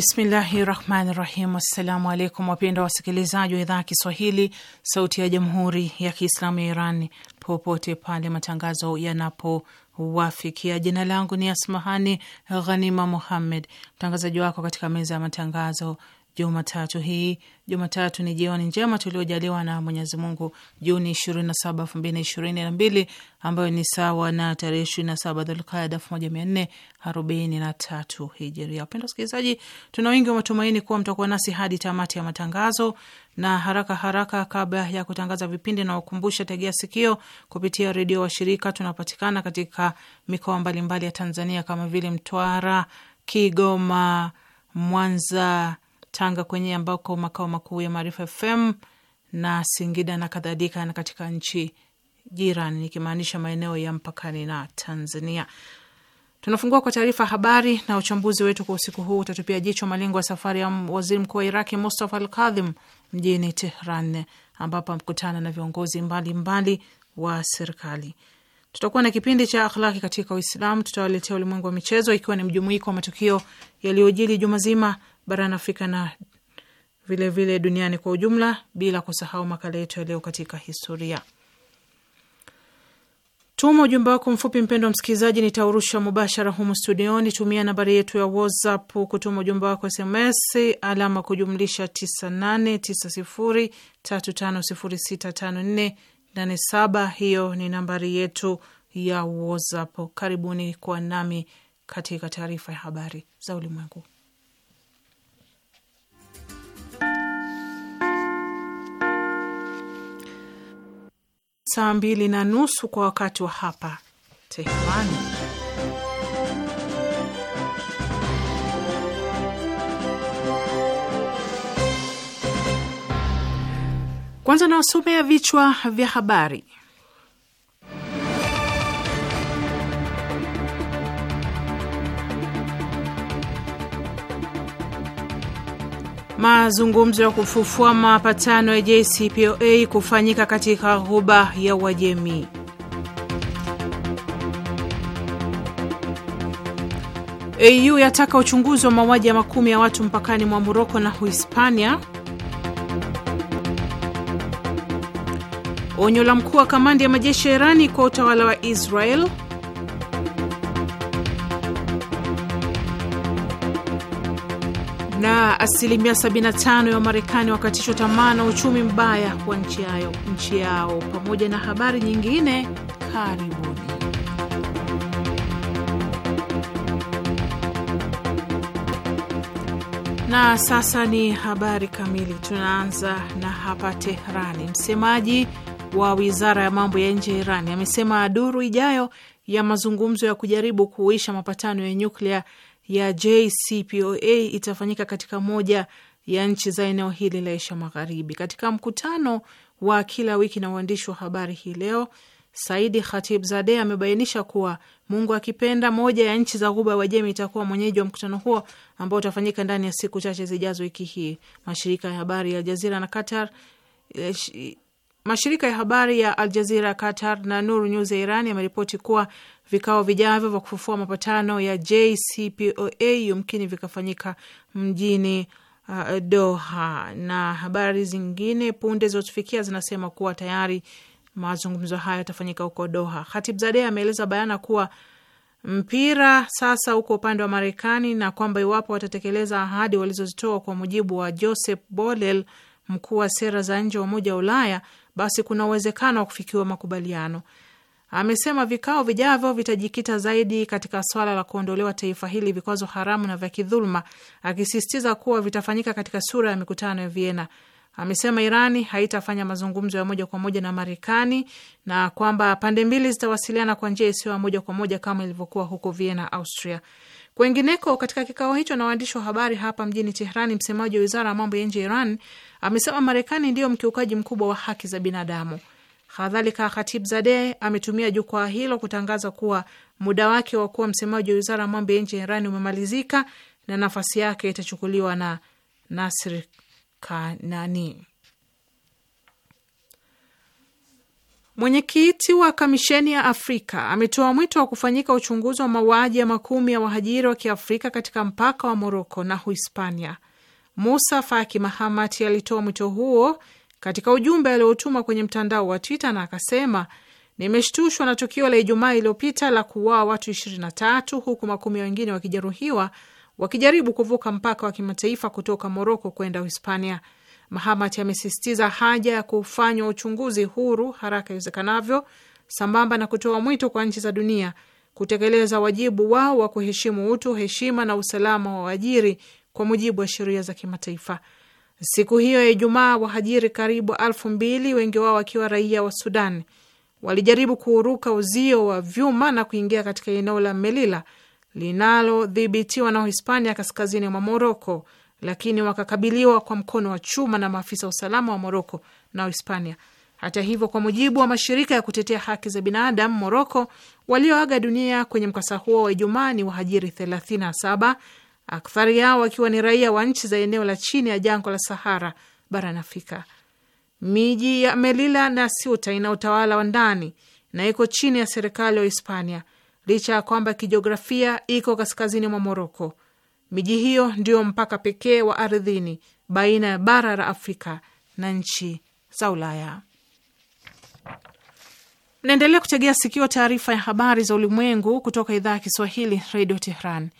Bismillahi rahmani rahim. Assalamu alaikum wapendwa wasikilizaji wa idhaa ya Kiswahili sauti ya jamhuri ya Kiislamu ya Iran popote pale matangazo yanapowafikia. Jina langu ni Asmahani Ghanima Muhammed, mtangazaji wako katika meza ya matangazo Jumatatu hii. Jumatatu ni jioni njema tuliojaliwa na Mwenyezi Mungu, Juni ishirini na saba elfu mbili na ishirini na mbili ambayo ni sawa na tarehe ishirini na saba Dhulkada elfu moja mia nne arobaini na tatu Hijiria. Wapendwa wasikilizaji, tuna wingi wa matumaini kuwa mtakuwa nasi hadi tamati ya matangazo na haraka haraka, kabla ya kutangaza vipindi, na wakumbusha tegea sikio kupitia redio wa shirika. Tunapatikana katika mikoa mbalimbali ya Tanzania kama vile Mtwara, Kigoma, Mwanza, Tanga kwenye ambako makao makuu ya Maarifa FM na Singida na kadhalika, na katika nchi jirani, nikimaanisha maeneo ya mpakani na Tanzania. Tunafungua kwa taarifa habari na uchambuzi wetu kwa usiku huu utatupia jicho malengo ya safari ya waziri mkuu wa Iraki Mustafa al Kadhim mjini Tehran, ambapo amekutana na viongozi mbalimbali mbali wa serikali. Tutakuwa na kipindi cha akhlaki katika Uislamu, tutawaletea ulimwengu wa michezo, ikiwa ni mjumuiko wa matukio yaliyojili juma zima barani Afrika na vilevile vile duniani kwa ujumla, bila kusahau makala yetu ya leo katika historia. Tuma ujumbe wako mfupi, mpendo wa msikilizaji, nitaurusha mubashara humu studioni. Tumia nambari yetu ya WhatsApp kutuma ujumbe wako SMS alama kujumlisha 989035065487. Hiyo ni nambari yetu ya WhatsApp. Karibuni kwa nami katika taarifa ya habari za ulimwengu. saa mbili na nusu kwa wakati wa hapa Tehrani. Kwanza nawasomea vichwa vya habari. Mazungumzo ya kufufua mapatano ya JCPOA kufanyika katika ghuba ya Uajemi. EU yataka uchunguzi wa mauaji ya makumi ya watu mpakani mwa Moroko na Uhispania. Onyo la mkuu wa kamandi ya majeshi ya Irani kwa utawala wa Israel. asilimia 75 ya Wamarekani wakatishwa tamaa na uchumi mbaya wa nchi yao, nchi yao, pamoja na habari nyingine. Karibuni. Na sasa ni habari kamili. Tunaanza na hapa Teherani. Msemaji wa wizara ya mambo ya nje ya Irani amesema duru ijayo ya mazungumzo ya kujaribu kuisha mapatano ya nyuklia ya JCPOA itafanyika katika moja ya nchi za eneo hili la Asia Magharibi. Katika mkutano wa kila wiki na uandishi wa habari hii leo, Saidi zade amebainisha kuwa Mungu akipenda, moja ya nchi za Ghuba ya Uajemi itakuwa mwenyeji wa mkutano huo ambao utafanyika ndani ya siku chache zijazo. Wiki hii mashirika ya habari ya Aljazira na Qatar eh, mashirika ya habari ya Aljazira, Qatar na Nuru News ya Iran yameripoti kuwa vikao vijavyo vya kufufua mapatano ya JCPOA yumkini vikafanyika mjini uh, Doha. Na habari zingine punde zilizotufikia zinasema kuwa tayari mazungumzo hayo yatafanyika huko Doha. Khatibzadeh ameeleza bayana kuwa mpira sasa uko upande wa Marekani na kwamba iwapo watatekeleza ahadi walizozitoa kwa mujibu wa Joseph Borrell, mkuu wa sera za nje wa Umoja wa Ulaya, basi kuna uwezekano wa kufikiwa makubaliano amesema vikao vijavyo vitajikita zaidi katika swala la kuondolewa taifa hili vikwazo haramu na vya kidhuluma, akisisitiza kuwa vitafanyika katika sura ya mikutano ya Vienna. Amesema Irani haitafanya mazungumzo ya moja kwa moja na Marekani na kwamba pande mbili zitawasiliana kwa njia isiyo ya moja kwa moja kama ilivyokuwa huko Vienna, Austria. Kwengineko katika kikao hicho na waandishi wa habari hapa mjini Tehrani, msemaji wa wizara ya mambo ya nje ya Iran amesema Marekani ndiyo mkiukaji mkubwa wa haki za binadamu. Kadhalika, zade ametumia jukwaa hilo kutangaza kuwa muda wake wa kuwa msemaji wa wizara ya mambo ya nje ya Irani umemalizika na nafasi yake itachukuliwa na Nasri Kanani. Mwenyekiti wa kamisheni ya Afrika ametoa mwito wa kufanyika uchunguzi wa mauaji ya makumi ya wahajiri wa kiafrika katika mpaka wa Moroko na Uhispania. Musa Faki Mahamat alitoa mwito huo katika ujumbe aliotuma kwenye mtandao wa Twitter na akasema, nimeshtushwa na tukio la Ijumaa iliyopita la kuuawa watu 23 huku makumi wengine wakijeruhiwa wakijaribu kuvuka mpaka wa kimataifa kutoka Moroko kwenda Uhispania. Mahamat amesisitiza haja ya kufanywa uchunguzi huru haraka iwezekanavyo, sambamba na kutoa mwito kwa nchi za dunia kutekeleza wajibu wao wa kuheshimu utu, heshima na usalama wa waajiri kwa mujibu wa sheria za kimataifa. Siku hiyo ya Ijumaa, wahajiri karibu elfu mbili, wengi wao wakiwa raia wa Sudan, walijaribu kuuruka uzio wa vyuma na kuingia katika eneo la Melila linalodhibitiwa na Uhispania kaskazini mwa Moroko, lakini wakakabiliwa kwa mkono wa chuma na maafisa wa usalama wa Moroko na Uhispania. Hata hivyo, kwa mujibu wa mashirika ya kutetea haki za binadamu Moroko, walioaga dunia kwenye mkasa huo wa Ijumaa ni wahajiri 37 akthari yao wakiwa ni raia wa nchi za eneo la chini ya jangwa la Sahara barani Afrika. Miji ya melila na Siuta ina utawala wa ndani na iko chini ya serikali ya Hispania licha ya kwamba kijiografia iko kaskazini mwa Moroko. Miji hiyo ndiyo mpaka pekee wa ardhini baina ya bara la Afrika na nchi za Ulaya. naendelea kutegea sikio taarifa ya habari za ulimwengu kutoka idhaa ya Kiswahili, Redio Tehran.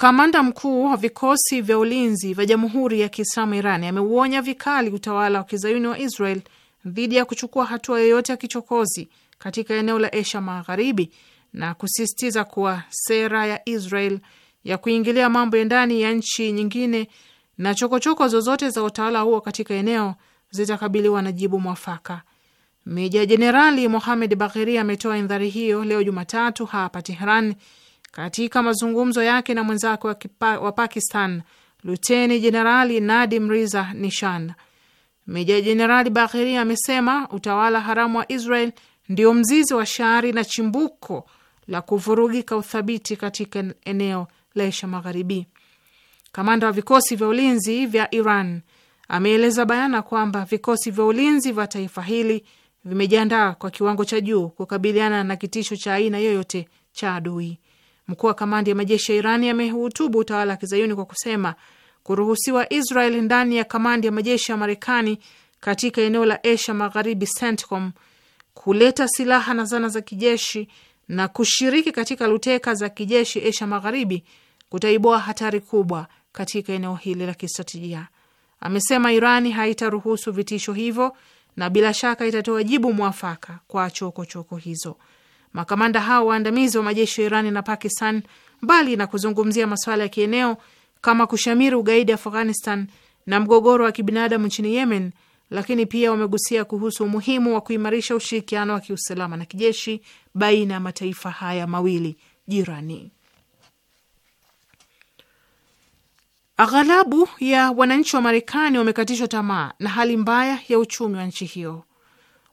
Kamanda mkuu wa vikosi vya ulinzi vya Jamhuri ya Kiislamu Irani ameuonya vikali utawala wa kizayuni wa Israel dhidi ya kuchukua hatua yoyote ya kichokozi katika eneo la Asia Magharibi na kusisitiza kuwa sera ya Israel ya kuingilia mambo ya ndani ya nchi nyingine na chokochoko zozote za utawala huo katika eneo zitakabiliwa na jibu mwafaka. Meja Jenerali Mohamed Bagheri ametoa indhari hiyo leo Jumatatu hapa Tehran katika mazungumzo yake na mwenzake wa, wa Pakistan, luteni jenerali Nadim Riza Nishan, meja jenerali Bagheri amesema utawala haramu wa Israel ndio mzizi wa shari na chimbuko la kuvurugika uthabiti katika eneo la Asia Magharibi. Kamanda wa vikosi vya ulinzi vya Iran ameeleza bayana kwamba vikosi vya ulinzi vya taifa hili vimejiandaa kwa kiwango cha juu kukabiliana na kitisho cha aina yoyote cha adui. Mkuu wa kamandi ya majeshi ya Irani amehutubu utawala wa kizayuni kwa kusema kuruhusiwa Israel ndani ya kamandi ya majeshi ya Marekani katika eneo la Asia Magharibi, CENTCOM, kuleta silaha na zana za kijeshi na kushiriki katika luteka za kijeshi Asia Magharibi kutaibua hatari kubwa katika eneo hili la kistratejia. Amesema Irani haitaruhusu vitisho hivyo na bila shaka itatoa jibu mwafaka kwa chokochoko choko hizo. Makamanda hao waandamizi wa majeshi ya Irani na Pakistan, mbali na kuzungumzia masuala ya kieneo kama kushamiri ugaidi Afghanistan na mgogoro wa kibinadamu nchini Yemen, lakini pia wamegusia kuhusu umuhimu wa kuimarisha ushirikiano wa kiusalama na kijeshi baina ya mataifa haya mawili jirani. Aghalabu ya wananchi wa Marekani wamekatishwa tamaa na hali mbaya ya uchumi wa nchi hiyo.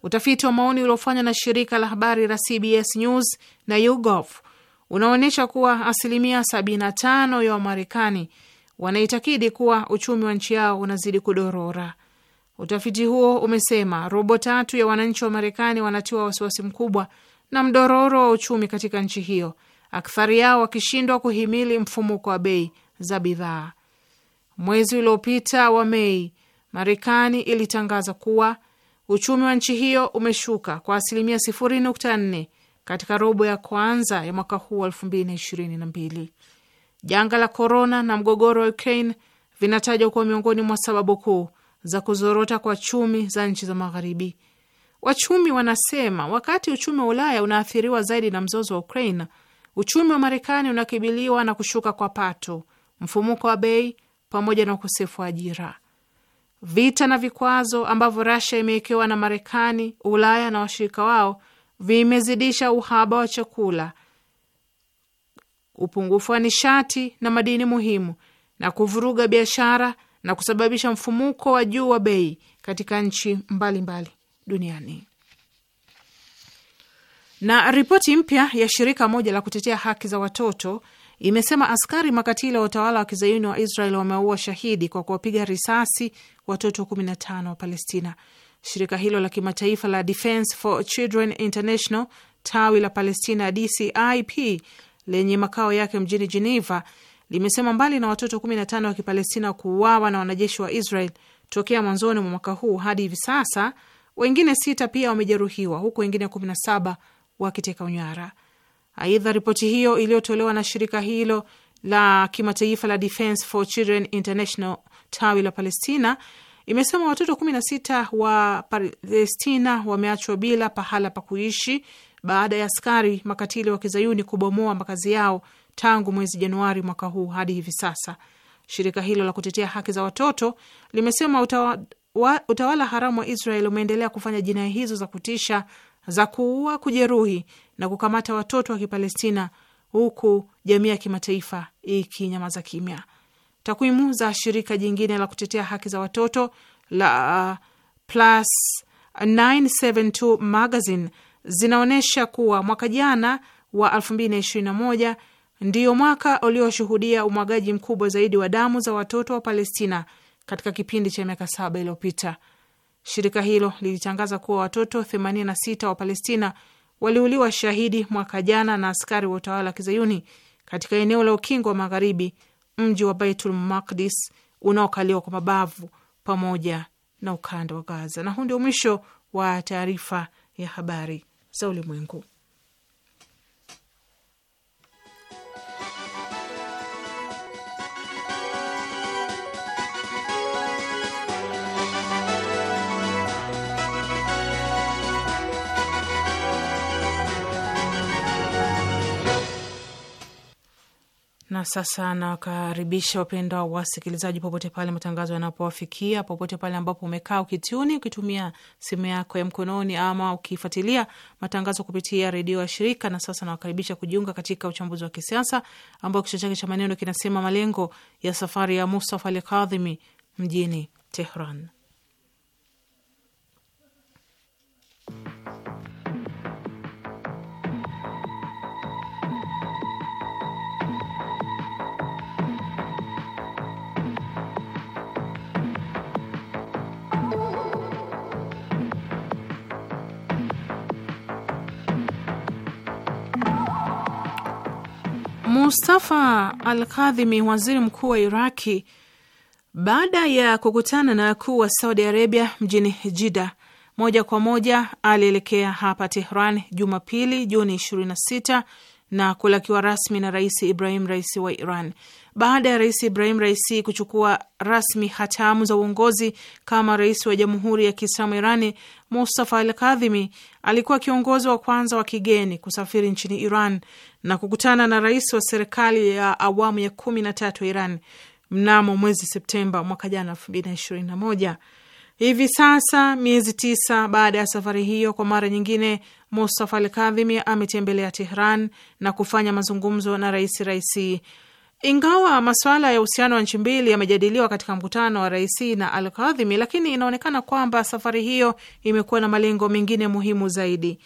Utafiti wa maoni uliofanywa na shirika la habari la CBS News na YouGov unaonyesha kuwa asilimia 75 ya Wamarekani wanaitakidi kuwa uchumi wa nchi yao unazidi kudorora. Utafiti huo umesema robo tatu ya wananchi wa Marekani wanatiwa wasiwasi mkubwa na mdororo wa uchumi katika nchi hiyo, akthari yao wakishindwa kuhimili mfumuko wa bei za bidhaa. Mwezi uliopita wa Mei, Marekani ilitangaza kuwa uchumi wa nchi hiyo umeshuka kwa asilimia 0.4 katika robo ya kwanza ya mwaka huu wa 2022. Janga la korona na mgogoro wa Ukraine vinatajwa kuwa miongoni mwa sababu kuu za kuzorota kwa chumi za nchi za Magharibi. Wachumi wanasema wakati uchumi wa Ulaya unaathiriwa zaidi na mzozo wa Ukraine, uchumi wa Marekani unakibiliwa na kushuka kwa pato, mfumuko wa bei pamoja na ukosefu wa ajira. Vita na vikwazo ambavyo rasia imewekewa na Marekani, Ulaya na washirika wao vimezidisha uhaba wa chakula, upungufu wa nishati na madini muhimu, na kuvuruga biashara na kusababisha mfumuko wa juu wa bei katika nchi mbalimbali mbali duniani. Na ripoti mpya ya shirika moja la kutetea haki za watoto imesema askari makatili wa utawala wa kizayuni wa Israel wameua shahidi kwa kuwapiga risasi watoto 15 wa Palestina. Shirika hilo la kimataifa la defence for Children International tawi la Palestina DCIP lenye makao yake mjini Geneva limesema mbali na watoto 15 wa Kipalestina kuuawa na wanajeshi wa Israel tokea mwanzoni mwa mwaka huu hadi hivi sasa, wengine sita pia wamejeruhiwa huku wengine 17 wakiteka unyara Aidha, ripoti hiyo iliyotolewa na shirika hilo la kimataifa la Defense for Children International tawi la Palestina imesema watoto 16 wa Palestina wameachwa bila pahala pa kuishi baada ya askari makatili wa kizayuni kubomoa makazi yao tangu mwezi Januari mwaka huu hadi hivi sasa. Shirika hilo la kutetea haki za watoto limesema utawa, wa, utawala haramu wa Israel umeendelea kufanya jinai hizo za kutisha za kuua, kujeruhi na kukamata watoto wa Kipalestina, huku jamii ya kimataifa ikinyamaza kimya. Takwimu za shirika jingine la kutetea haki za watoto la uh, Plus 972 Magazine zinaonyesha kuwa mwaka jana wa 2021 ndiyo mwaka ulioshuhudia umwagaji mkubwa zaidi wa damu za watoto wa Palestina katika kipindi cha miaka saba iliyopita. Shirika hilo lilitangaza kuwa watoto 86 wa Palestina waliuliwa shahidi mwaka jana na askari wa utawala wa kizayuni katika eneo la ukingo wa magharibi, mji wa Baitul Makdis unaokaliwa kwa mabavu pamoja na ukanda wa Gaza. Na huu ndio mwisho wa taarifa ya habari za ulimwengu. Na sasa nawakaribisha wapendwa wasikilizaji, popote pale matangazo yanapowafikia, popote pale ambapo umekaa ukituni, ukitumia simu yako ya mkononi ama ukifuatilia matangazo kupitia redio ya shirika. Na sasa nawakaribisha kujiunga katika uchambuzi wa kisiasa ambao kichwa chake cha maneno kinasema malengo ya safari ya Mustafa Alkadhimi mjini Tehran. Mustafa Al-Kadhimi, waziri mkuu wa Iraki, baada ya kukutana na wakuu wa Saudi Arabia mjini Jida, moja kwa moja alielekea hapa Tehran Jumapili, Juni 26 na kulakiwa rasmi na Rais Ibrahim Raisi wa Iran. Baada ya Rais Ibrahim Raisi kuchukua rasmi hatamu za uongozi kama rais wa Jamhuri ya Kiislamu Irani, Mustafa Al Kadhimi alikuwa kiongozi wa kwanza wa kigeni kusafiri nchini Iran na kukutana na rais wa serikali ya awamu ya kumi na tatu ya Iran mnamo mwezi Septemba mwaka jana elfu mbili na ishirini na moja. Hivi sasa miezi tisa baada ya safari hiyo, kwa mara nyingine Mustafa Al Kadhimi ametembelea Tehran na kufanya mazungumzo na rais Raisi. Ingawa masuala ya uhusiano wa nchi mbili yamejadiliwa katika mkutano wa Raisi na Al Kadhimi, lakini inaonekana kwamba safari hiyo imekuwa na malengo mengine muhimu zaidi.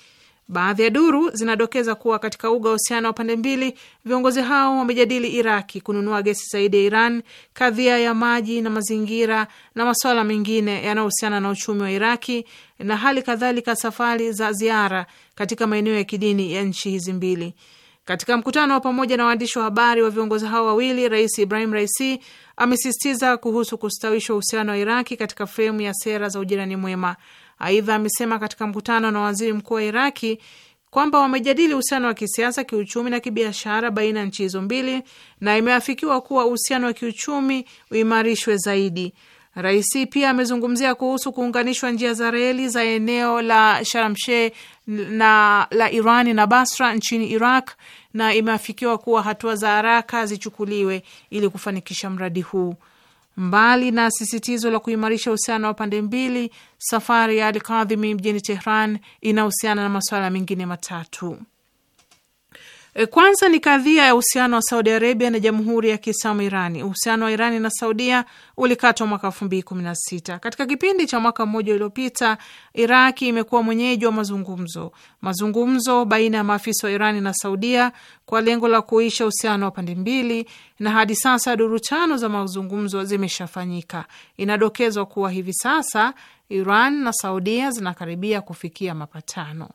Baadhi ya duru zinadokeza kuwa katika uga wa uhusiano wa pande mbili, viongozi hao wamejadili Iraki kununua gesi zaidi ya Iran, kadhia ya maji na mazingira na masuala mengine yanayohusiana na uchumi wa Iraki na hali kadhalika safari za ziara katika maeneo ya kidini ya nchi hizi mbili. Katika mkutano wa pamoja na waandishi wa habari wa viongozi hao wawili, Rais Ibrahim Raisi amesisitiza kuhusu kustawishwa uhusiano wa Iraki katika fremu ya sera za ujirani mwema. Aidha amesema katika mkutano na waziri mkuu wa Iraki kwamba wamejadili uhusiano wa kisiasa, kiuchumi na kibiashara baina ya nchi hizo mbili na imeafikiwa kuwa uhusiano wa kiuchumi uimarishwe zaidi. Raisi pia amezungumzia kuhusu kuunganishwa njia za reli za eneo la Sharamshe na la Irani na Basra nchini Iraq na imeafikiwa kuwa hatua za haraka zichukuliwe ili kufanikisha mradi huu. Mbali na sisitizo la kuimarisha uhusiano wa pande mbili, safari ya Al Kadhimi mjini Tehran inahusiana na masuala mengine matatu. E, kwanza ni kadhia ya uhusiano wa Saudi Arabia na Jamhuri ya Kiislamu Irani. Uhusiano wa Irani na Saudia ulikatwa mwaka elfu mbili kumi na sita. Katika kipindi cha mwaka mmoja uliopita, Iraki imekuwa mwenyeji wa mazungumzo mazungumzo baina ya maafisa wa Irani na Saudia kwa lengo la kuisha uhusiano wa pande mbili, na hadi sasa duru tano za mazungumzo zimeshafanyika. Inadokezwa kuwa hivi sasa Iran na Saudia zinakaribia kufikia mapatano.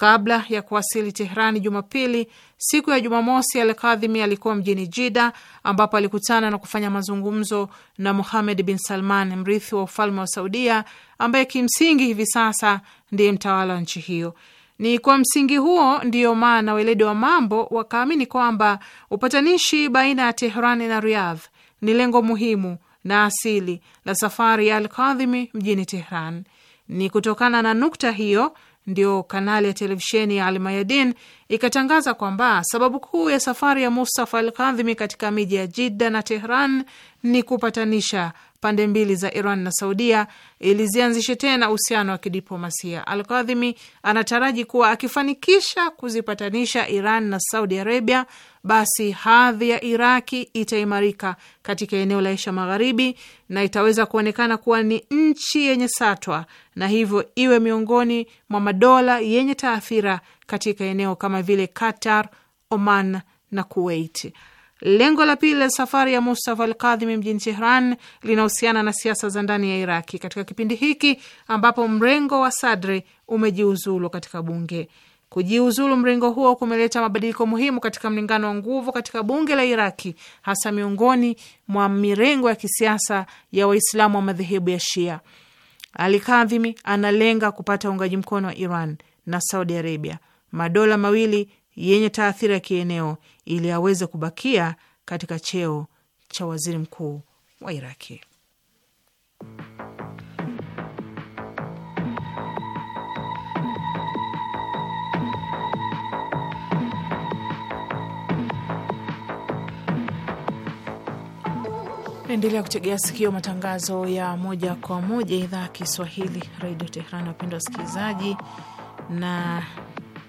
Kabla ya kuwasili Tehrani Jumapili, siku ya Jumamosi, Alkadhimi alikuwa mjini Jida ambapo alikutana na kufanya mazungumzo na Muhamed bin Salman, mrithi wa ufalme wa Saudia, ambaye kimsingi hivi sasa ndiye mtawala wa nchi hiyo. Ni kwa msingi huo ndiyo maana weledi wa mambo wakaamini kwamba upatanishi baina ya Tehrani na Riyadh ni lengo muhimu na asili la safari ya Alkadhimi mjini Tehran. Ni kutokana na nukta hiyo ndio kanali ya televisheni ya Almayadin ikatangaza kwamba sababu kuu ya safari ya Mustafa al Kadhimi katika miji ya Jidda na Tehran ni kupatanisha pande mbili za Iran na Saudia ili zianzishe tena uhusiano wa kidiplomasia. Al Kadhimi anataraji kuwa akifanikisha kuzipatanisha Iran na Saudi Arabia, basi hadhi ya Iraki itaimarika katika eneo la Asia Magharibi na itaweza kuonekana kuwa ni nchi yenye satwa na hivyo iwe miongoni mwa madola yenye taathira katika eneo kama vile Qatar, Oman na Kuwait. Lengo la pili la safari ya Mustafa al Kadhimi mjini Tehran linahusiana na siasa za ndani ya Iraki katika kipindi hiki ambapo mrengo wa Sadri umejiuzulu katika bunge. Kujiuzulu mrengo huo kumeleta mabadiliko muhimu katika mlingano wa nguvu katika bunge la Iraki, hasa miongoni mwa mirengo ya kisiasa ya Waislamu wa madhehebu ya Shia. Al Kadhimi analenga kupata uungaji mkono wa Iran na Saudi Arabia madola mawili yenye taathira ya kieneo ili aweze kubakia katika cheo cha waziri mkuu wa Iraki. Naendelea kutegea sikio matangazo ya moja kwa moja idhaa ya Kiswahili, redio Teherani. Wapendwa wasikilizaji, na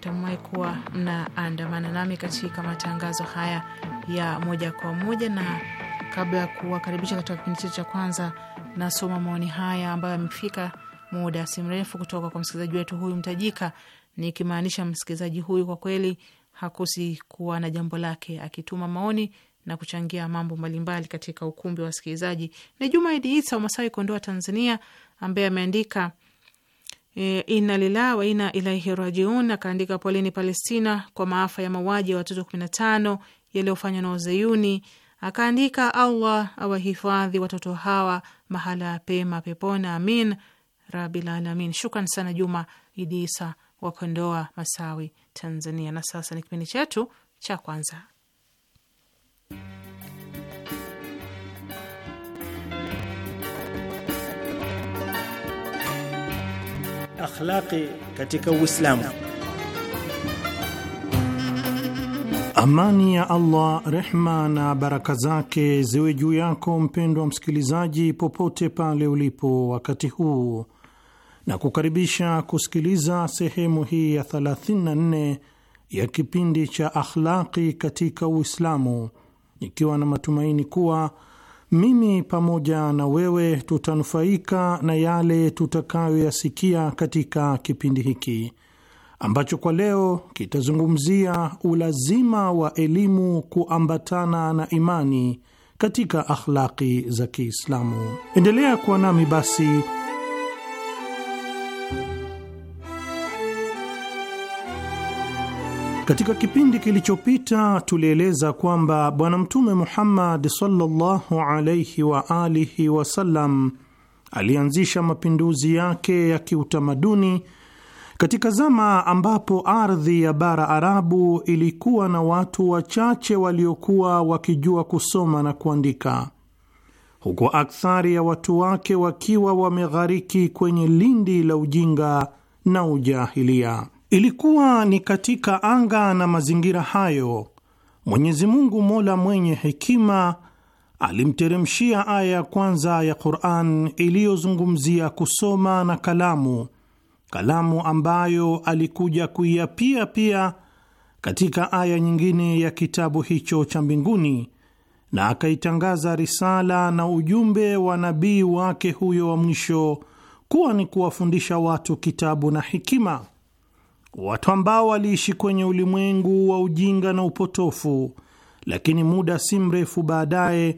mtamuwai kuwa mnaandamana nami katika matangazo haya ya moja kwa moja. Na kabla ya kuwakaribisha katika kipindi chetu cha kwanza, nasoma maoni haya ambayo yamefika muda si mrefu kutoka kwa msikilizaji wetu huyu mtajika, nikimaanisha msikilizaji huyu kwa kweli hakosi kuwa na jambo lake akituma maoni na kuchangia mambo mbalimbali katika ukumbi wa wasikilizaji. Ni Juma Idi Isa wa Masawi, Kondoa, Tanzania, ambaye ameandika e, inna lillahi wa inna ilaihi rajiun. Akaandika poleni Palestina kwa maafa ya mauaji ya watoto 15 yaliyofanywa na Uzeyuni. Akaandika Allah awahifadhi watoto hawa mahala pema pepona, amin rabil alamin. Shukran sana Juma Idisa wakondoa wa Kondoa Masawi, Tanzania. Na sasa ni kipindi chetu cha kwanza akhlaqi katika Uislamu. Amani ya Allah, rehma na baraka zake ziwe juu yako mpendwa msikilizaji, popote pale ulipo wakati huu, na kukaribisha kusikiliza sehemu hii ya 34 ya kipindi cha akhlaqi katika Uislamu, ikiwa na matumaini kuwa mimi pamoja na wewe tutanufaika na yale tutakayoyasikia katika kipindi hiki ambacho kwa leo kitazungumzia ulazima wa elimu kuambatana na imani katika akhlaki za Kiislamu. Endelea kuwa nami basi Katika kipindi kilichopita tulieleza kwamba Bwana Mtume Muhammad sallallahu alaihi wa alihi wasallam alianzisha mapinduzi yake ya kiutamaduni katika zama ambapo ardhi ya bara Arabu ilikuwa na watu wachache waliokuwa wakijua kusoma na kuandika, huku akthari ya watu wake wakiwa wameghariki kwenye lindi la ujinga na ujahilia. Ilikuwa ni katika anga na mazingira hayo Mwenyezi Mungu Mola mwenye hekima alimteremshia aya ya kwanza ya Qur'an iliyozungumzia kusoma na kalamu, kalamu ambayo alikuja kuiapia pia katika aya nyingine ya kitabu hicho cha mbinguni, na akaitangaza risala na ujumbe wa nabii wake huyo wa mwisho kuwa ni kuwafundisha watu kitabu na hikima watu ambao waliishi kwenye ulimwengu wa ujinga na upotofu, lakini muda si mrefu baadaye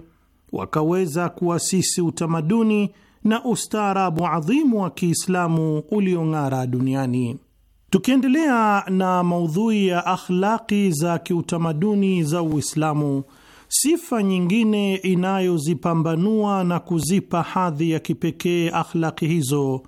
wakaweza kuasisi utamaduni na ustaarabu adhimu wa Kiislamu uliong'ara duniani. Tukiendelea na maudhui ya akhlaki za kiutamaduni za Uislamu, sifa nyingine inayozipambanua na kuzipa hadhi ya kipekee akhlaki hizo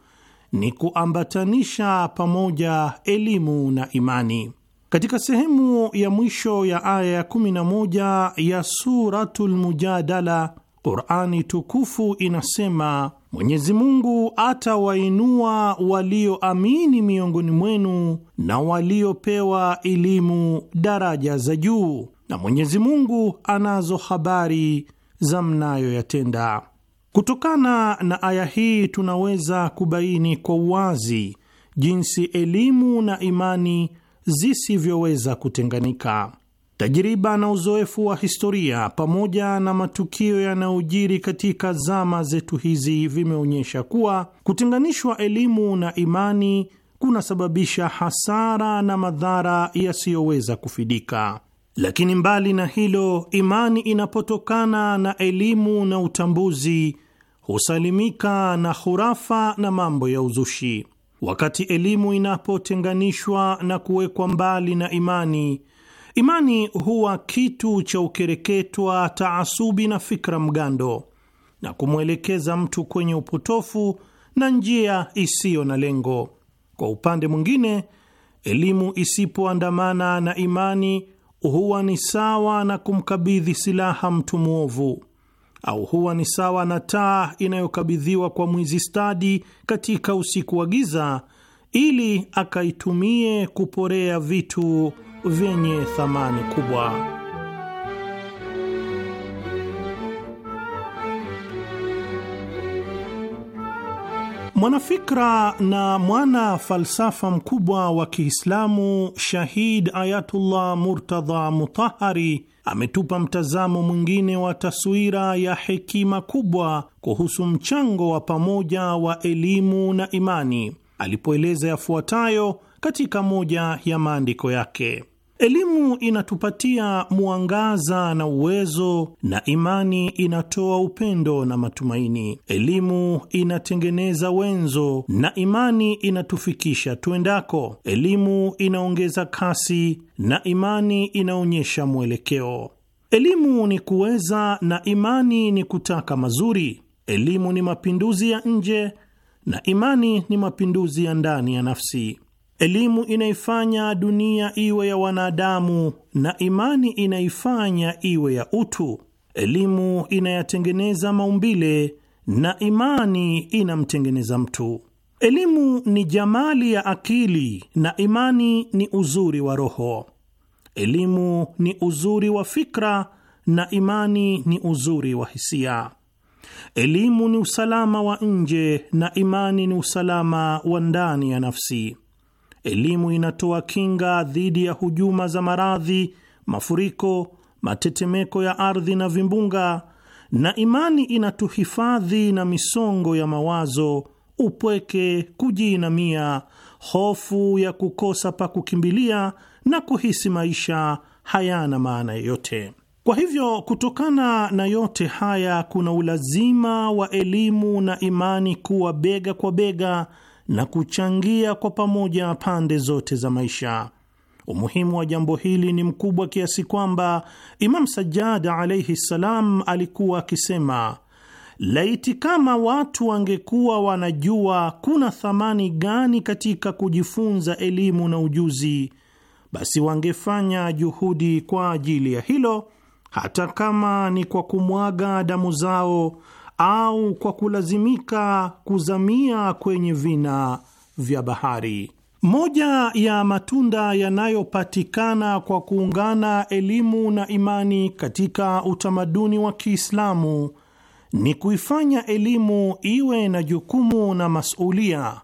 ni kuambatanisha pamoja elimu na imani. Katika sehemu ya mwisho ya aya ya 11 ya Suratul Mujadala, Qurani tukufu inasema Mwenyezi Mungu atawainua walioamini miongoni mwenu na waliopewa elimu daraja za juu, na Mwenyezi Mungu anazo habari za mnayoyatenda. Kutokana na aya hii tunaweza kubaini kwa uwazi jinsi elimu na imani zisivyoweza kutenganika. Tajiriba na uzoefu wa historia pamoja na matukio yanayojiri katika zama zetu hizi vimeonyesha kuwa kutenganishwa elimu na imani kunasababisha hasara na madhara yasiyoweza kufidika. Lakini mbali na hilo, imani inapotokana na elimu na utambuzi husalimika na hurafa na mambo ya uzushi. Wakati elimu inapotenganishwa na kuwekwa mbali na imani, imani huwa kitu cha ukereketwa, taasubi na fikra mgando, na kumwelekeza mtu kwenye upotofu na njia isiyo na lengo. Kwa upande mwingine, elimu isipoandamana na imani huwa ni sawa na kumkabidhi silaha mtu mwovu au huwa ni sawa na taa inayokabidhiwa kwa mwizi stadi katika usiku wa giza ili akaitumie kuporea vitu vyenye thamani kubwa. Mwanafikra na mwana falsafa mkubwa wa Kiislamu Shahid Ayatullah Murtadha Mutahari ametupa mtazamo mwingine wa taswira ya hekima kubwa kuhusu mchango wa pamoja wa elimu na imani alipoeleza yafuatayo katika moja ya maandiko yake. Elimu inatupatia mwangaza na uwezo, na imani inatoa upendo na matumaini. Elimu inatengeneza wenzo, na imani inatufikisha tuendako. Elimu inaongeza kasi, na imani inaonyesha mwelekeo. Elimu ni kuweza, na imani ni kutaka mazuri. Elimu ni mapinduzi ya nje, na imani ni mapinduzi ya ndani ya nafsi. Elimu inaifanya dunia iwe ya wanadamu na imani inaifanya iwe ya utu. Elimu inayatengeneza maumbile na imani inamtengeneza mtu. Elimu ni jamali ya akili na imani ni uzuri wa roho. Elimu ni uzuri wa fikra na imani ni uzuri wa hisia. Elimu ni usalama wa nje na imani ni usalama wa ndani ya nafsi. Elimu inatoa kinga dhidi ya hujuma za maradhi, mafuriko, matetemeko ya ardhi na vimbunga, na imani inatuhifadhi na misongo ya mawazo, upweke, kujiinamia, hofu ya kukosa pa kukimbilia na kuhisi maisha hayana maana yoyote. Kwa hivyo, kutokana na yote haya, kuna ulazima wa elimu na imani kuwa bega kwa bega na kuchangia kwa pamoja pande zote za maisha. Umuhimu wa jambo hili ni mkubwa kiasi kwamba Imam Sajjad alaihi ssalam alikuwa akisema, laiti kama watu wangekuwa wanajua kuna thamani gani katika kujifunza elimu na ujuzi, basi wangefanya juhudi kwa ajili ya hilo, hata kama ni kwa kumwaga damu zao au kwa kulazimika kuzamia kwenye vina vya bahari. Moja ya matunda yanayopatikana kwa kuungana elimu na imani katika utamaduni wa Kiislamu ni kuifanya elimu iwe na jukumu na masulia.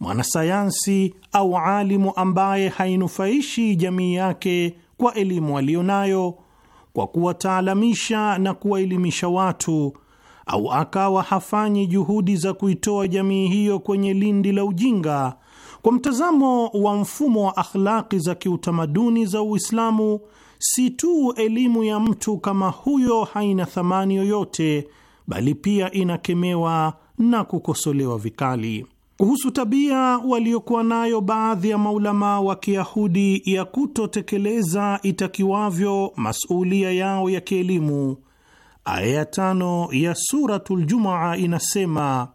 Mwanasayansi au alimu ambaye hainufaishi jamii yake kwa elimu aliyo nayo kwa kuwataalamisha na kuwaelimisha watu au akawa hafanyi juhudi za kuitoa jamii hiyo kwenye lindi la ujinga, kwa mtazamo wa mfumo wa akhlaki za kiutamaduni za Uislamu, si tu elimu ya mtu kama huyo haina thamani yoyote, bali pia inakemewa na kukosolewa vikali. Kuhusu tabia waliokuwa nayo baadhi ya maulamaa wa Kiyahudi ya kutotekeleza itakiwavyo masuulia yao ya kielimu Aya ya tano ya Suratul Jumaa inasema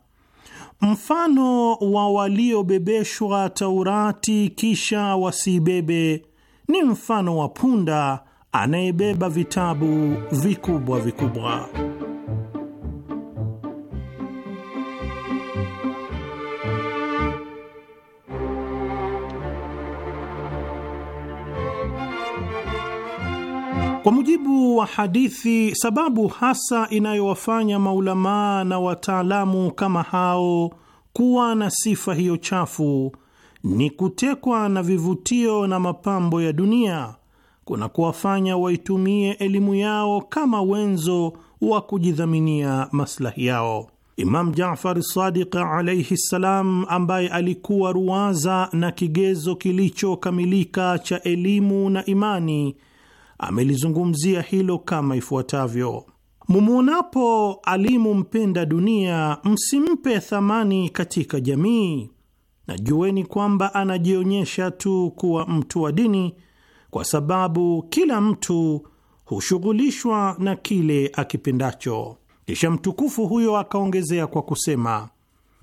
mfano wa waliobebeshwa Taurati kisha wasiibebe ni mfano wa punda anayebeba vitabu vikubwa vikubwa. Kwa mujibu wa hadithi, sababu hasa inayowafanya maulamaa na wataalamu kama hao kuwa na sifa hiyo chafu ni kutekwa na vivutio na mapambo ya dunia kuna kuwafanya waitumie elimu yao kama wenzo wa kujidhaminia maslahi yao. Imam Jafar Sadiq alaihi ssalam, ambaye alikuwa ruwaza na kigezo kilichokamilika cha elimu na imani amelizungumzia hilo kama ifuatavyo: mumwonapo alimu mpenda dunia, msimpe thamani katika jamii, na jueni kwamba anajionyesha tu kuwa mtu wa dini, kwa sababu kila mtu hushughulishwa na kile akipendacho. Kisha mtukufu huyo akaongezea kwa kusema,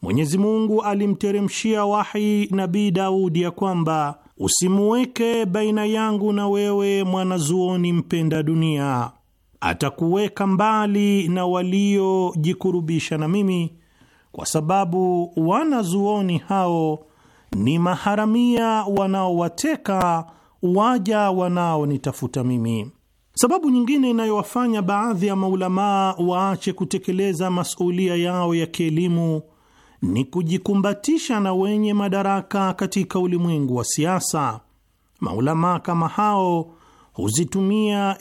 Mwenyezi Mungu alimteremshia wahi Nabii Daudi ya kwamba Usimuweke baina yangu na wewe, mwanazuoni mpenda dunia, atakuweka mbali na waliojikurubisha na mimi, kwa sababu wanazuoni hao ni maharamia wanaowateka waja wanaonitafuta mimi. Sababu nyingine inayowafanya baadhi ya maulamaa waache kutekeleza masuulia yao ya kielimu ni kujikumbatisha na wenye madaraka katika ulimwengu wa siasa. Maulamaa kama hao huzitumia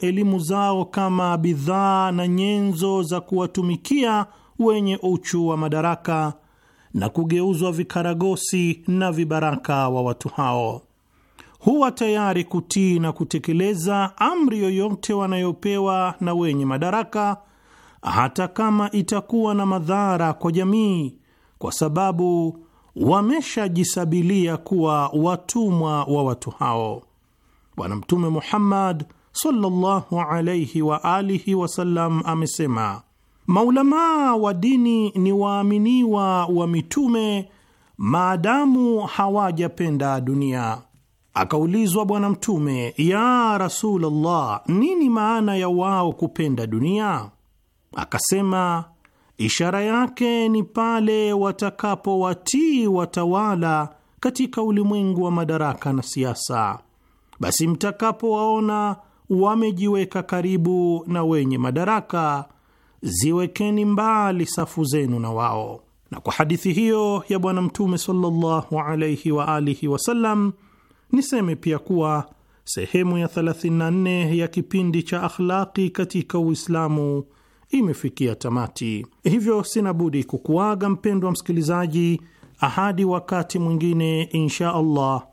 elimu zao kama bidhaa na nyenzo za kuwatumikia wenye uchu wa madaraka na kugeuzwa vikaragosi na vibaraka wa watu hao. Huwa tayari kutii na kutekeleza amri yoyote wanayopewa na wenye madaraka, hata kama itakuwa na madhara kwa jamii, kwa sababu wameshajisabilia kuwa watumwa wa watu hao. Bwana Mtume Muhammad sallallahu alayhi wa alihi wasallam amesema, maulamaa wa dini ni waaminiwa wa mitume maadamu hawajapenda dunia. Akaulizwa Bwana Mtume, ya Rasulullah, nini maana ya wao kupenda dunia? Akasema, Ishara yake ni pale watakapowatii watawala katika ulimwengu wa madaraka na siasa, basi mtakapowaona wamejiweka karibu na wenye madaraka, ziwekeni mbali safu zenu na wao. Na kwa hadithi hiyo ya Bwana Mtume sallallahu alaihi wa alihi wasallam, niseme pia kuwa sehemu ya 34 ya kipindi cha akhlaqi katika Uislamu imefikia tamati, hivyo sina budi kukuaga mpendwa msikilizaji, ahadi wakati mwingine insha Allah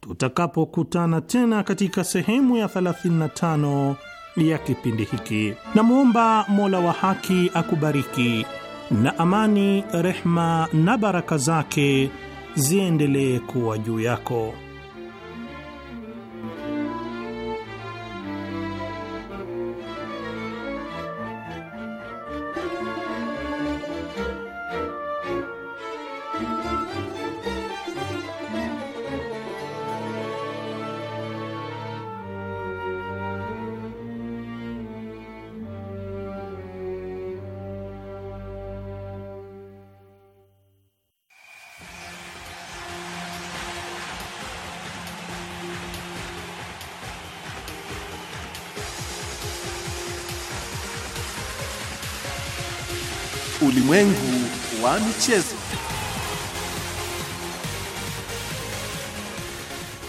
tutakapokutana tena katika sehemu ya 35 ya kipindi hiki. Namwomba Mola wa haki akubariki na amani, rehma na baraka zake ziendelee kuwa juu yako.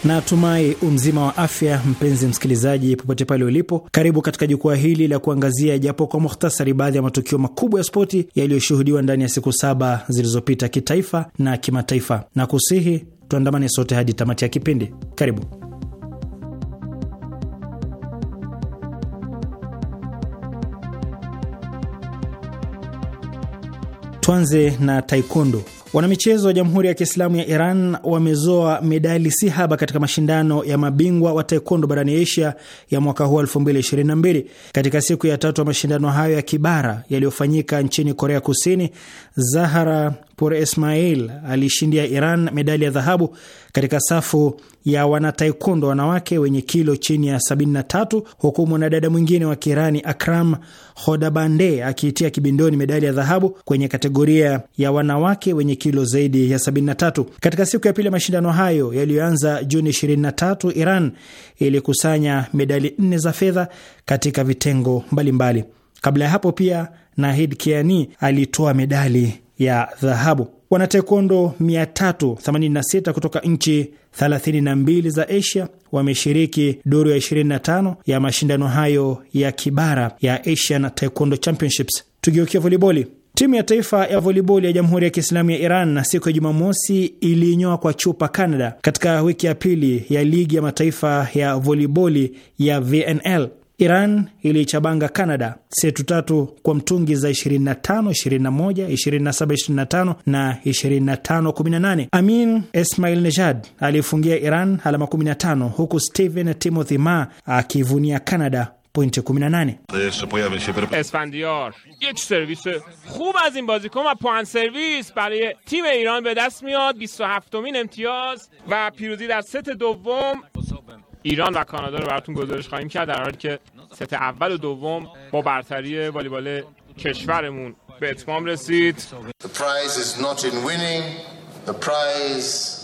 Natumai umzima wa afya, mpenzi msikilizaji, popote pale ulipo. Karibu katika jukwaa hili la kuangazia japo kwa muhtasari baadhi ya matukio makubwa ya spoti yaliyoshuhudiwa ndani ya siku saba zilizopita kitaifa na kimataifa, na kusihi tuandamane sote hadi tamati ya kipindi. Karibu. Tuanze na taekwondo. Wanamichezo wa Jamhuri ya Kiislamu ya Iran wamezoa medali si haba katika mashindano ya mabingwa wa taekwondo barani Asia ya mwaka huu mbili. Katika siku ya tatu ya mashindano hayo ya kibara yaliyofanyika nchini Korea Kusini, Zahara Shakur Ismail alishindia Iran medali ya dhahabu katika safu ya wanataekwondo wanawake wenye kilo chini ya 73 huku mwanadada mwingine wa Kiirani Akram Hodabande akiitia kibindoni medali ya dhahabu kwenye kategoria ya wanawake wenye kilo zaidi ya 73. Katika siku ya pili ya mashindano hayo yaliyoanza Juni 23, Iran ilikusanya medali nne za fedha katika vitengo mbalimbali mbali. Kabla ya hapo pia Nahid Kiani alitoa medali ya dhahabu. Wanataekwondo 386 kutoka nchi 32 za Asia wameshiriki duru ya 25 ya mashindano hayo ya kibara ya Asian Taekwondo Championships. Tugeukia voliboli. Timu ya taifa ya voliboli ya Jamhuri ya Kiislamu ya Iran na siku ya Jumamosi iliinyoa kwa chupa Canada katika wiki ya pili ya ligi ya mataifa ya voliboli ya VNL. Iran iliichabanga Canada setu tatu kwa mtungi za 25 21 27 25 na 25 18. Amin Ismail Nejad aliifungia Iran alama 15 huku Stephen Timothy Ma akiivunia Canada pointi 18. Esfandiar yek servis khub az in bazikon va puan servis baraye tim ایران و کانادا رو براتون گزارش خواهیم کرد در حالی که ست اول و دوم با برتری والیبال کشورمون به اتمام رسید The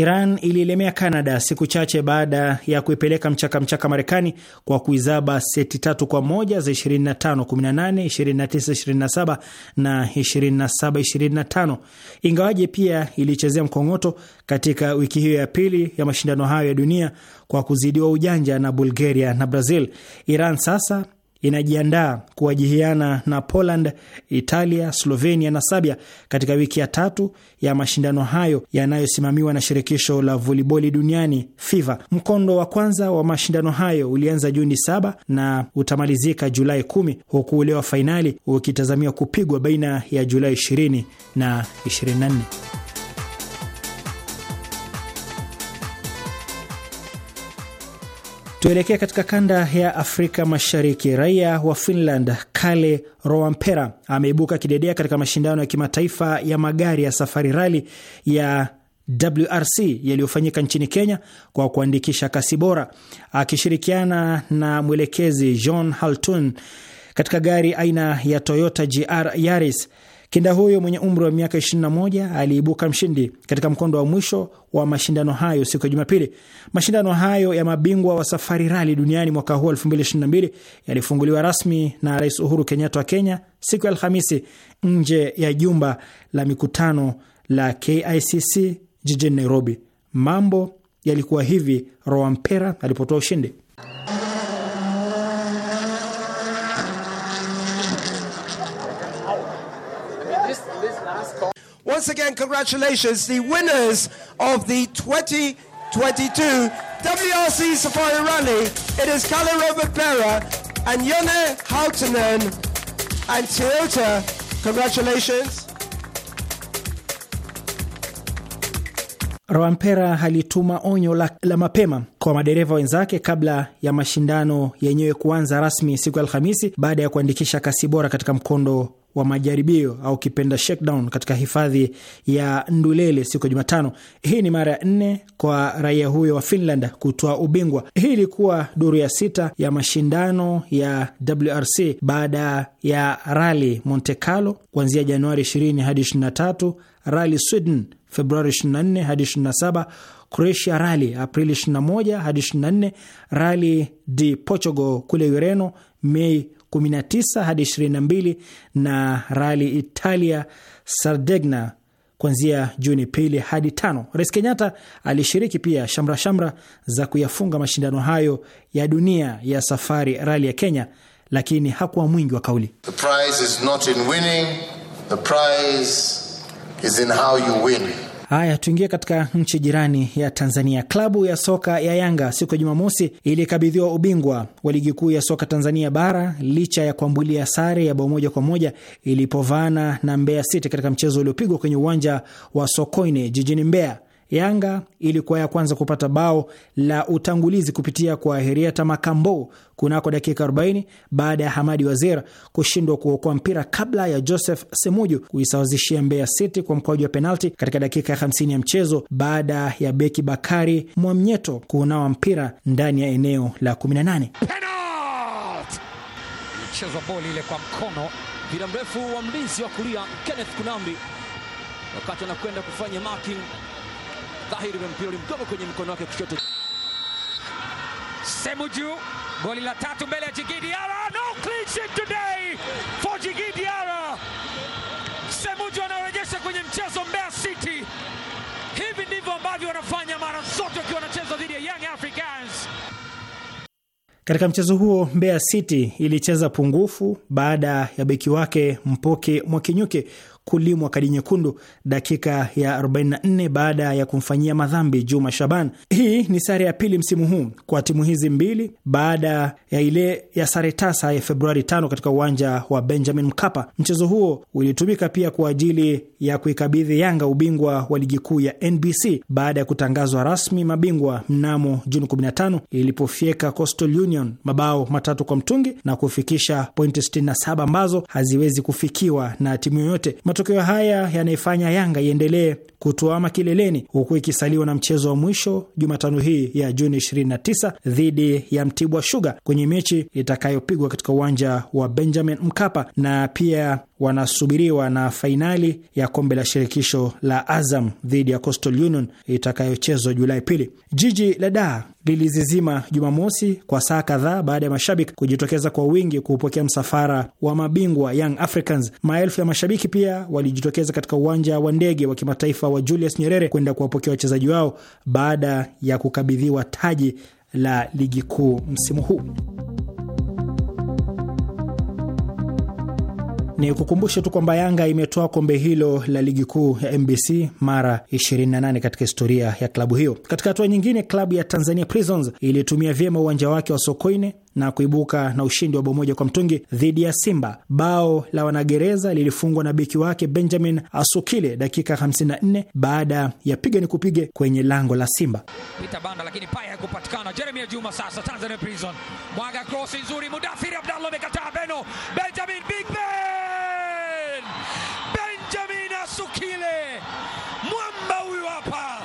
Iran ililemea Canada siku chache baada ya kuipeleka mchaka mchaka Marekani kwa kuizaba seti tatu kwa moja za 25 18, 29 na 27 25, ingawaje pia ilichezea mkong'oto katika wiki hiyo ya pili ya mashindano hayo ya dunia kwa kuzidiwa ujanja na Bulgaria na Brazil. Iran sasa inajiandaa kuwajihiana na Poland, Italia, Slovenia na Sabia katika wiki ya tatu ya mashindano hayo yanayosimamiwa na shirikisho la voliboli duniani FIFA. Mkondo wa kwanza wa mashindano hayo ulianza Juni saba na utamalizika Julai kumi huku ule wa fainali ukitazamiwa kupigwa baina ya Julai 20 na 24. Tuelekee katika kanda ya Afrika Mashariki. Raia wa Finland Kale Roampera ameibuka kidedea katika mashindano ya kimataifa ya magari ya safari rali ya WRC yaliyofanyika nchini Kenya kwa kuandikisha kasi bora, akishirikiana na mwelekezi John Haltun katika gari aina ya Toyota GR Yaris. Kinda huyo mwenye umri wa miaka 21 aliibuka mshindi katika mkondo wa mwisho wa mashindano hayo siku ya Jumapili. Mashindano hayo ya mabingwa wa safari rali duniani mwaka huu 2022 yalifunguliwa rasmi na Rais Uhuru Kenyatta wa Kenya siku ya Alhamisi nje ya jumba la mikutano la KICC jijini Nairobi. Mambo yalikuwa hivi Roampera alipotoa ushindi. once again, congratulations, the winners of the 2022 WRC Safari Rally. It is Kalle Robert Berra and Yone Hautanen and Toyota. Congratulations. Rwampera alituma onyo la, la mapema kwa madereva wenzake kabla ya mashindano yenyewe kuanza rasmi siku ya Alhamisi baada ya kuandikisha kasi bora katika mkondo wa majaribio au kipenda shakedown katika hifadhi ya Ndulele siku ya Jumatano. Hii ni mara ya nne kwa raia huyo wa Finland kutoa ubingwa. Hii ilikuwa duru ya sita ya mashindano ya WRC baada ya Rali Monte Carlo kuanzia Januari 20 hadi 23, Rali Sweden Februari 24 hadi 27, Croatia Rali Aprili 21 hadi 24, Rali di Portugal kule Ureno Mei 19 hadi 22 na Rali Italia Sardegna kuanzia Juni pili hadi tano. Rais Kenyatta alishiriki pia shamra shamra za kuyafunga mashindano hayo ya dunia ya safari rali ya Kenya, lakini hakuwa mwingi wa kauli. The prize is not in winning, the prize is in how you win. Haya, tuingie katika nchi jirani ya Tanzania. Klabu ya soka ya Yanga siku ya Jumamosi ilikabidhiwa ubingwa wa ligi kuu ya soka Tanzania bara licha ya kuambulia sare ya bao moja kwa moja ilipovaana na Mbeya City katika mchezo uliopigwa kwenye uwanja wa Sokoine jijini Mbeya. Yanga ilikuwa ya kwanza kupata bao la utangulizi kupitia kwa Heriata Makambo kunako dakika 40 baada ya Hamadi Wazir kushindwa kuokoa mpira kabla ya Joseph Semuju kuisawazishia Mbeya City kwa mkwaju wa penalti katika dakika ya 50 ya mchezo baada ya beki Bakari Mwamnyeto kuunawa mpira ndani ya eneo la 18. Mchezo boli ile kwa mkono mrefu wa mlinzi wa kulia Kenneth Kunambi wakati anakwenda kufanya marking dhahiri wa mpira ulimgonga kwenye mkono wake kushoto. Semuju, goli la tatu mbele ya Djigui Diarra. No clean sheet today for Djigui Diarra. Semuju anarejesha kwenye mchezo Mbeya City. Hivi ndivyo ambavyo wanafanya mara zote wakiwa wanacheza dhidi ya Young Africans. Katika mchezo huo Mbeya City ilicheza pungufu baada ya beki wake Mpoke Mwakinyuke kulimwa kadi nyekundu dakika ya 44 baada ya kumfanyia madhambi Juma Shaban. Hii ni sare ya pili msimu huu kwa timu hizi mbili baada ya ile ya sare tasa ya Februari 5 katika uwanja wa Benjamin Mkapa. Mchezo huo ulitumika pia kwa ajili ya kuikabidhi Yanga ubingwa wa ligi kuu ya NBC baada ya kutangazwa rasmi mabingwa mnamo Juni 15 ilipofyeka Coastal Union mabao matatu kwa mtungi na kufikisha pointi 67 ambazo haziwezi kufikiwa na timu yoyote. Matokeo haya yanaifanya Yanga iendelee kutuama kileleni huku ikisaliwa na mchezo wa mwisho Jumatano hii ya Juni 29 dhidi ya Mtibwa Sugar kwenye mechi itakayopigwa katika uwanja wa Benjamin Mkapa, na pia wanasubiriwa na fainali ya kombe la shirikisho la Azam dhidi ya Coastal Union itakayochezwa Julai pili. Jiji la Dar lilizizima Jumamosi kwa saa kadhaa baada ya mashabiki kujitokeza kwa wingi kuupokea msafara wa mabingwa Young Africans. Maelfu ya mashabiki pia walijitokeza katika uwanja wa ndege wa kimataifa wa Julius Nyerere kwenda kuwapokea wachezaji wao baada ya kukabidhiwa taji la ligi kuu msimu huu. Ni kukumbushe tu kwamba Yanga imetoa kombe hilo la ligi kuu ya MBC mara 28 katika historia ya klabu hiyo. Katika hatua nyingine, klabu ya Tanzania Prisons ilitumia vyema uwanja wake wa Sokoine na kuibuka na ushindi wa bao moja kwa mtungi dhidi ya Simba. Bao la wanagereza lilifungwa na beki wake Benjamin Asukile dakika 54 baada ya piga ni kupige kwenye lango la Simba. Pita banda lakini paya Jeremia Juma sasa Tanzania Prison. Mwaga nzuri Mudafiri Abdallah amekataa Beno. Benjamin Big Ben. Benjamin Asukile. Mwamba huyu hapa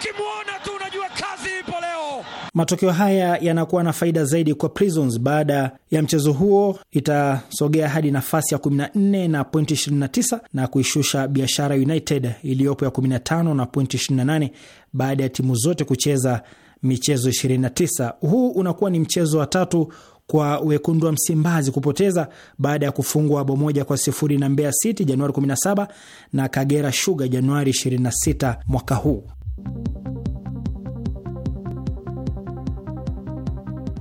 ukimwona tu unajua kazi ipo leo. Matokeo haya yanakuwa na faida zaidi kwa Prisons baada ya mchezo huo itasogea hadi nafasi ya 14 na pointi 29 na kuishusha Biashara United iliyopo ya 15 na pointi 28 baada ya timu zote kucheza michezo 29. Huu unakuwa ni mchezo wa tatu kwa wekundu wa Msimbazi kupoteza baada ya kufungwa bao moja kwa sifuri na Mbeya City Januari 17 na Kagera Sugar Januari 26 mwaka huu.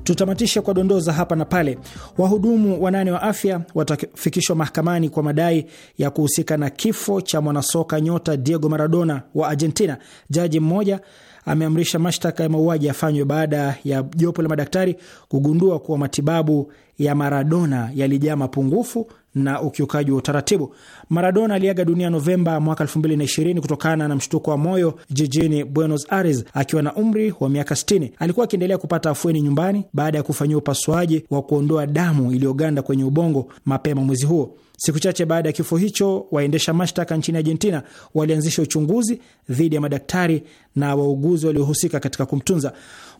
Tutamatishe kwa dondoza hapa na pale. Wahudumu wanane wa afya watafikishwa mahakamani kwa madai ya kuhusika na kifo cha mwanasoka nyota Diego Maradona wa Argentina. Jaji mmoja ameamrisha mashtaka ya mauaji yafanywe baada ya jopo la madaktari kugundua kuwa matibabu ya Maradona yalijaa mapungufu na ukiukaji wa utaratibu. Maradona aliaga dunia Novemba mwaka 2020 kutokana na mshtuko wa moyo jijini Buenos Aires akiwa na umri wa miaka 60. Alikuwa akiendelea kupata afueni nyumbani baada ya kufanyiwa upasuaji wa kuondoa damu iliyoganda kwenye ubongo mapema mwezi huo. Siku chache baada ya kifo hicho, waendesha mashtaka nchini Argentina walianzisha uchunguzi dhidi ya madaktari na wauguzi waliohusika katika kumtunza.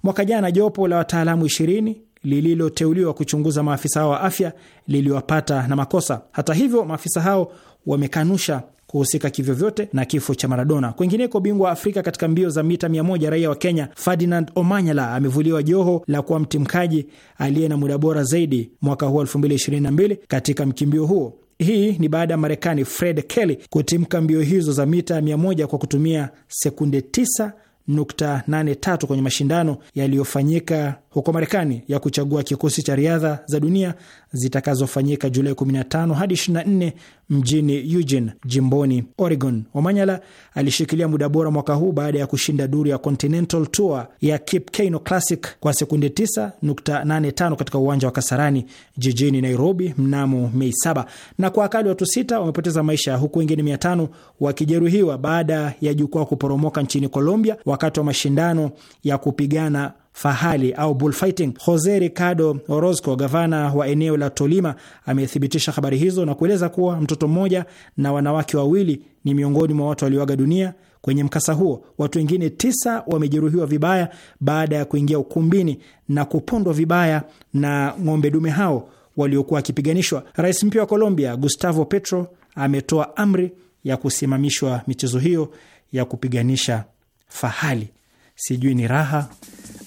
Mwaka jana jopo la wataalamu ishirini lililoteuliwa kuchunguza maafisa hao wa afya liliwapata na makosa. Hata hivyo, maafisa hao wamekanusha kuhusika kivyovyote na kifo cha Maradona. Kwingineko, bingwa wa Afrika katika mbio za mita 100 raia wa Kenya Ferdinand Omanyala amevuliwa joho la kuwa mtimkaji aliye na muda bora zaidi mwaka huu 2022 katika mkimbio huo. Hii ni baada ya Marekani Fred Kelly kutimka mbio hizo za mita 100 kwa kutumia sekunde 9 83 kwenye mashindano yaliyofanyika huko Marekani ya kuchagua kikosi cha riadha za dunia zitakazofanyika Julai 15 hadi 24 mjini Eugene, jimboni Oregon. Omanyala alishikilia muda bora mwaka huu baada ya kushinda duru ya Continental Tour ya Kip Keino Classic kwa sekunde 9.85 katika uwanja wa Kasarani jijini Nairobi mnamo Mei 7, na kwa akali watu sita wamepoteza maisha huku wengine 500 wakijeruhiwa baada ya jukwaa kuporomoka nchini Colombia wakati wa mashindano ya kupigana fahali au bullfighting. Jose Ricardo Orozco, gavana wa eneo la Tolima, amethibitisha habari hizo na kueleza kuwa mtoto mmoja na wanawake wawili ni miongoni mwa watu walioaga dunia kwenye mkasa huo. Watu wengine tisa wamejeruhiwa vibaya baada ya kuingia ukumbini na kupondwa vibaya na ng'ombe dume hao waliokuwa wakipiganishwa. Rais mpya wa Colombia Gustavo Petro ametoa amri ya kusimamishwa michezo hiyo ya kupiganisha fahali. Sijui ni raha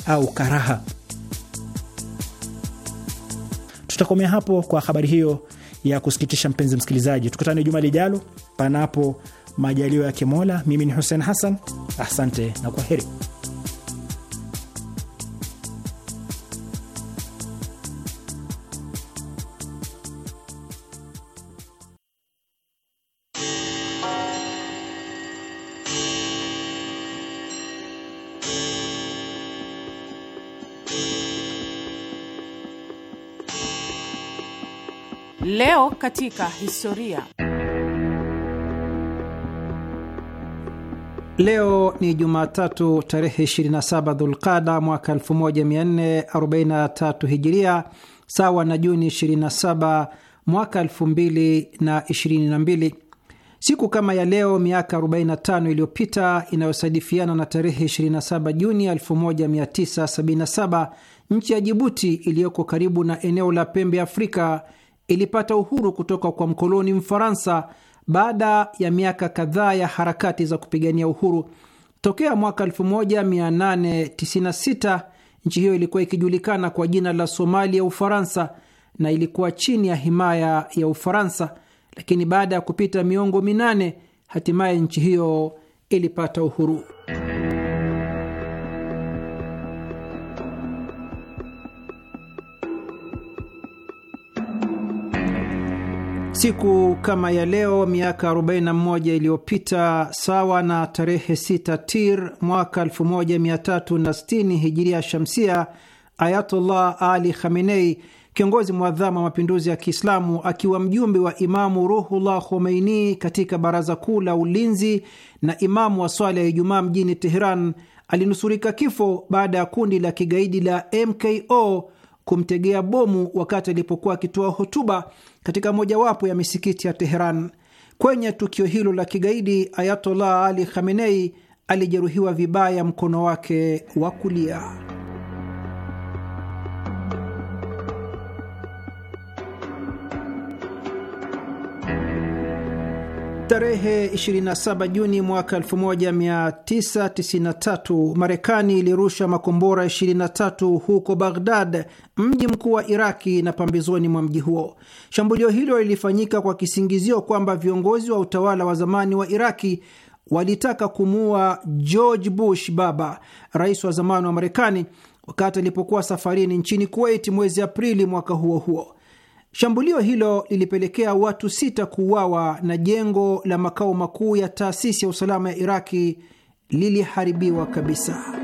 au karaha. Tutakomea hapo kwa habari hiyo ya kusikitisha, mpenzi msikilizaji. Tukutane juma lijalo, panapo majalio ya Kimola. Mimi ni Hussein Hassan, asante na kwa heri. Leo katika historia. Leo ni Jumatatu tarehe 27 Dhulqada mwaka 1443 Hijiria, sawa na Juni 27 mwaka 2022. Siku kama ya leo miaka 45 iliyopita inayosadifiana na tarehe 27 Juni 1977, nchi ya Jibuti iliyoko karibu na eneo la pembe Afrika ilipata uhuru kutoka kwa mkoloni Mfaransa baada ya miaka kadhaa ya harakati za kupigania uhuru. Tokea mwaka 1896 nchi hiyo ilikuwa ikijulikana kwa jina la Somalia Ufaransa na ilikuwa chini ya himaya ya Ufaransa, lakini baada ya kupita miongo minane hatimaye nchi hiyo ilipata uhuru. Siku kama ya leo miaka 41 iliyopita, sawa na tarehe 6 Tir mwaka 1360 hijiria shamsia, Ayatullah Ali Khamenei, kiongozi mwadhama wa mapinduzi ya Kiislamu, akiwa mjumbe wa Imamu Ruhullah Khomeini katika baraza kuu la ulinzi na imamu wa swala ya Ijumaa mjini Teheran, alinusurika kifo baada ya kundi la kigaidi la MKO kumtegea bomu wakati alipokuwa akitoa hotuba katika mojawapo ya misikiti ya Teheran. Kwenye tukio hilo la kigaidi, Ayatollah Ali Khamenei alijeruhiwa vibaya mkono wake wa kulia. Tarehe 27 Juni mwaka 1993 Marekani ilirusha makombora 23 huko Baghdad, mji mkuu wa Iraki na pambizoni mwa mji huo. Shambulio hilo lilifanyika kwa kisingizio kwamba viongozi wa utawala wa zamani wa Iraki walitaka kumuua George Bush baba, rais wa zamani wa Marekani, wakati alipokuwa safarini nchini Kuwait mwezi Aprili mwaka huo huo. Shambulio hilo lilipelekea watu sita kuuawa na jengo la makao makuu ya taasisi ya usalama ya Iraki liliharibiwa kabisa.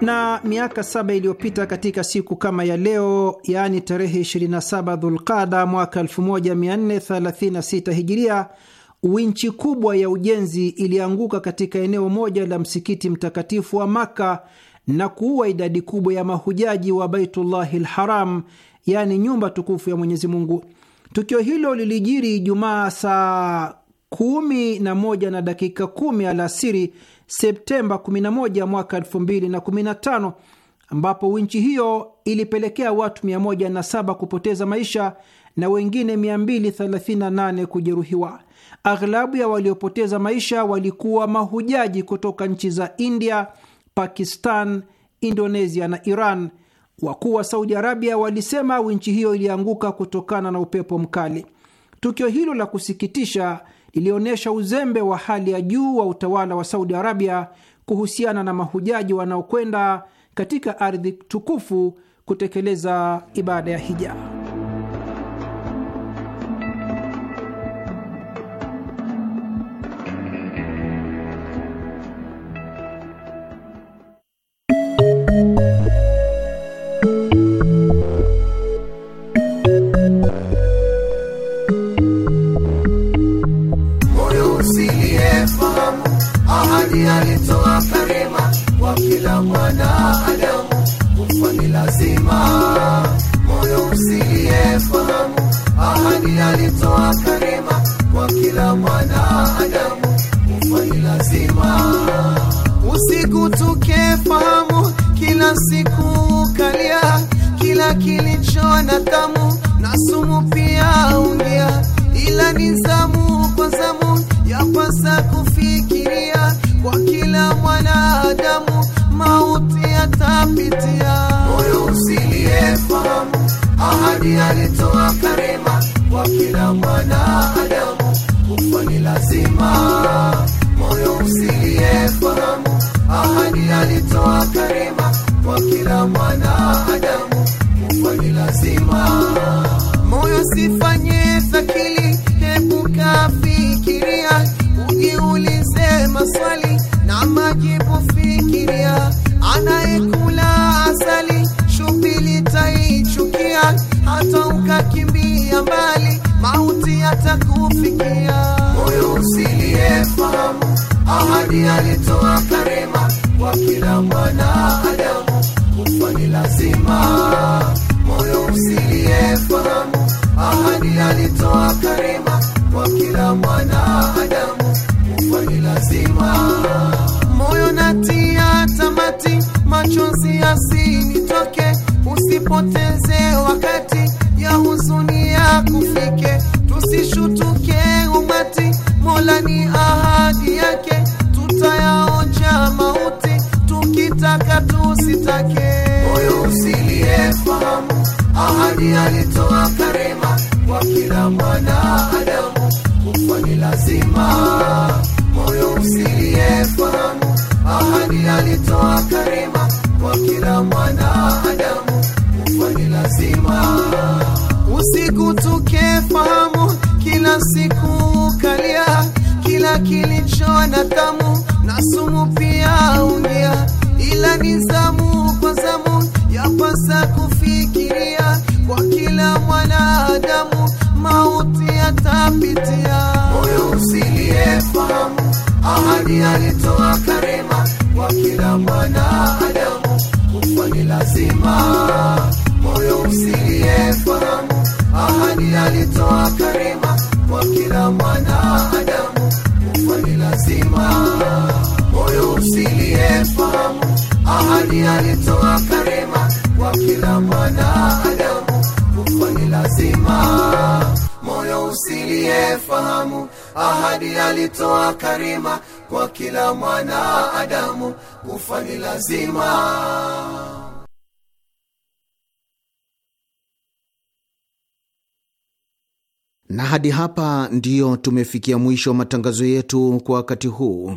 na miaka saba iliyopita katika siku kama ya leo, yaani tarehe 27 Dhulqada mwaka 1436 Hijiria, winchi kubwa ya ujenzi ilianguka katika eneo moja la msikiti mtakatifu wa Makka na kuua idadi kubwa ya mahujaji wa Baitullahi lharam, yaani nyumba tukufu ya Mwenyezi Mungu. Tukio hilo lilijiri Ijumaa saa kumi na moja na dakika kumi alasiri Septemba 11 mwaka 2015 ambapo winchi hiyo ilipelekea watu 107 kupoteza maisha na wengine 238 kujeruhiwa. Aghlabu ya waliopoteza maisha walikuwa mahujaji kutoka nchi za India, Pakistan, Indonesia na Iran. Wakuu wa Saudi Arabia walisema nchi hiyo ilianguka kutokana na upepo mkali. Tukio hilo la kusikitisha lilionyesha uzembe wa hali ya juu wa utawala wa Saudi Arabia kuhusiana na mahujaji wanaokwenda katika ardhi tukufu kutekeleza ibada ya hija. inacho na tamu na sumu pia ungia, ila ni zamu kwa zamu, yapasa kufikiria kwa kila mwanadamu, mauti yatapitia. Moyo usiliyefahamu ahadi alitoa karema kwa kila mwanadamu, kufa ni lazima. Moyo usiliyefahamu ahadi alitoa karema kwa kila mwanadamu moyo sifanye zakili, epuka fikiria, ujiulize maswali na majibu fikiria. Anayekula asali shubili taichukia, hata ukakimbia mbali, mauti atakufikia. Moyo usiliyefahamu ahadi alitoa karema kwa kila mwanadamu, kufa ni lazima asiliyefahamu ahadi alitoa karima kwa kila mwanadamu, kufa ni lazima. Moyo natia tamati, machozi yasinitoke, usipoteze wakati ya huzuni ya kufike, tusishutuke umati, Mola ni ahadi yake, tutayaonja mauti tukitaka tusitake. Moyo usiliyefahamu ahadi alitoa karema kwa kila mwana adamu kufa ni lazima, moyo usilie fahamu. Ahadi alitoa karema kwa kila mwana adamu kufa ni lazima, usiku fahamu kila siku kalia, kila kilicho na tamu na sumu pia ungia, ila ni zamu kwa zamu yapasa kufi kupitia kwa kila mwanadamu, mauti yatapitia. usilie fahamu, ahadi alitoa karema kwa kila mwanadamu, kufa ni lazima. Moyo usilie fahamu, ahadi alitoa karema kwa kila mwanadamu, kufa ni lazima. Moyo usilie fahamu, ahadi alitoa karema kwa kila mwanadamu, kufa ni lazima, moyo usiliyefahamu. Ahadi alitoa Karima kwa kila mwanadamu, kufa ni lazima. Na hadi hapa ndiyo tumefikia mwisho wa matangazo yetu kwa wakati huu.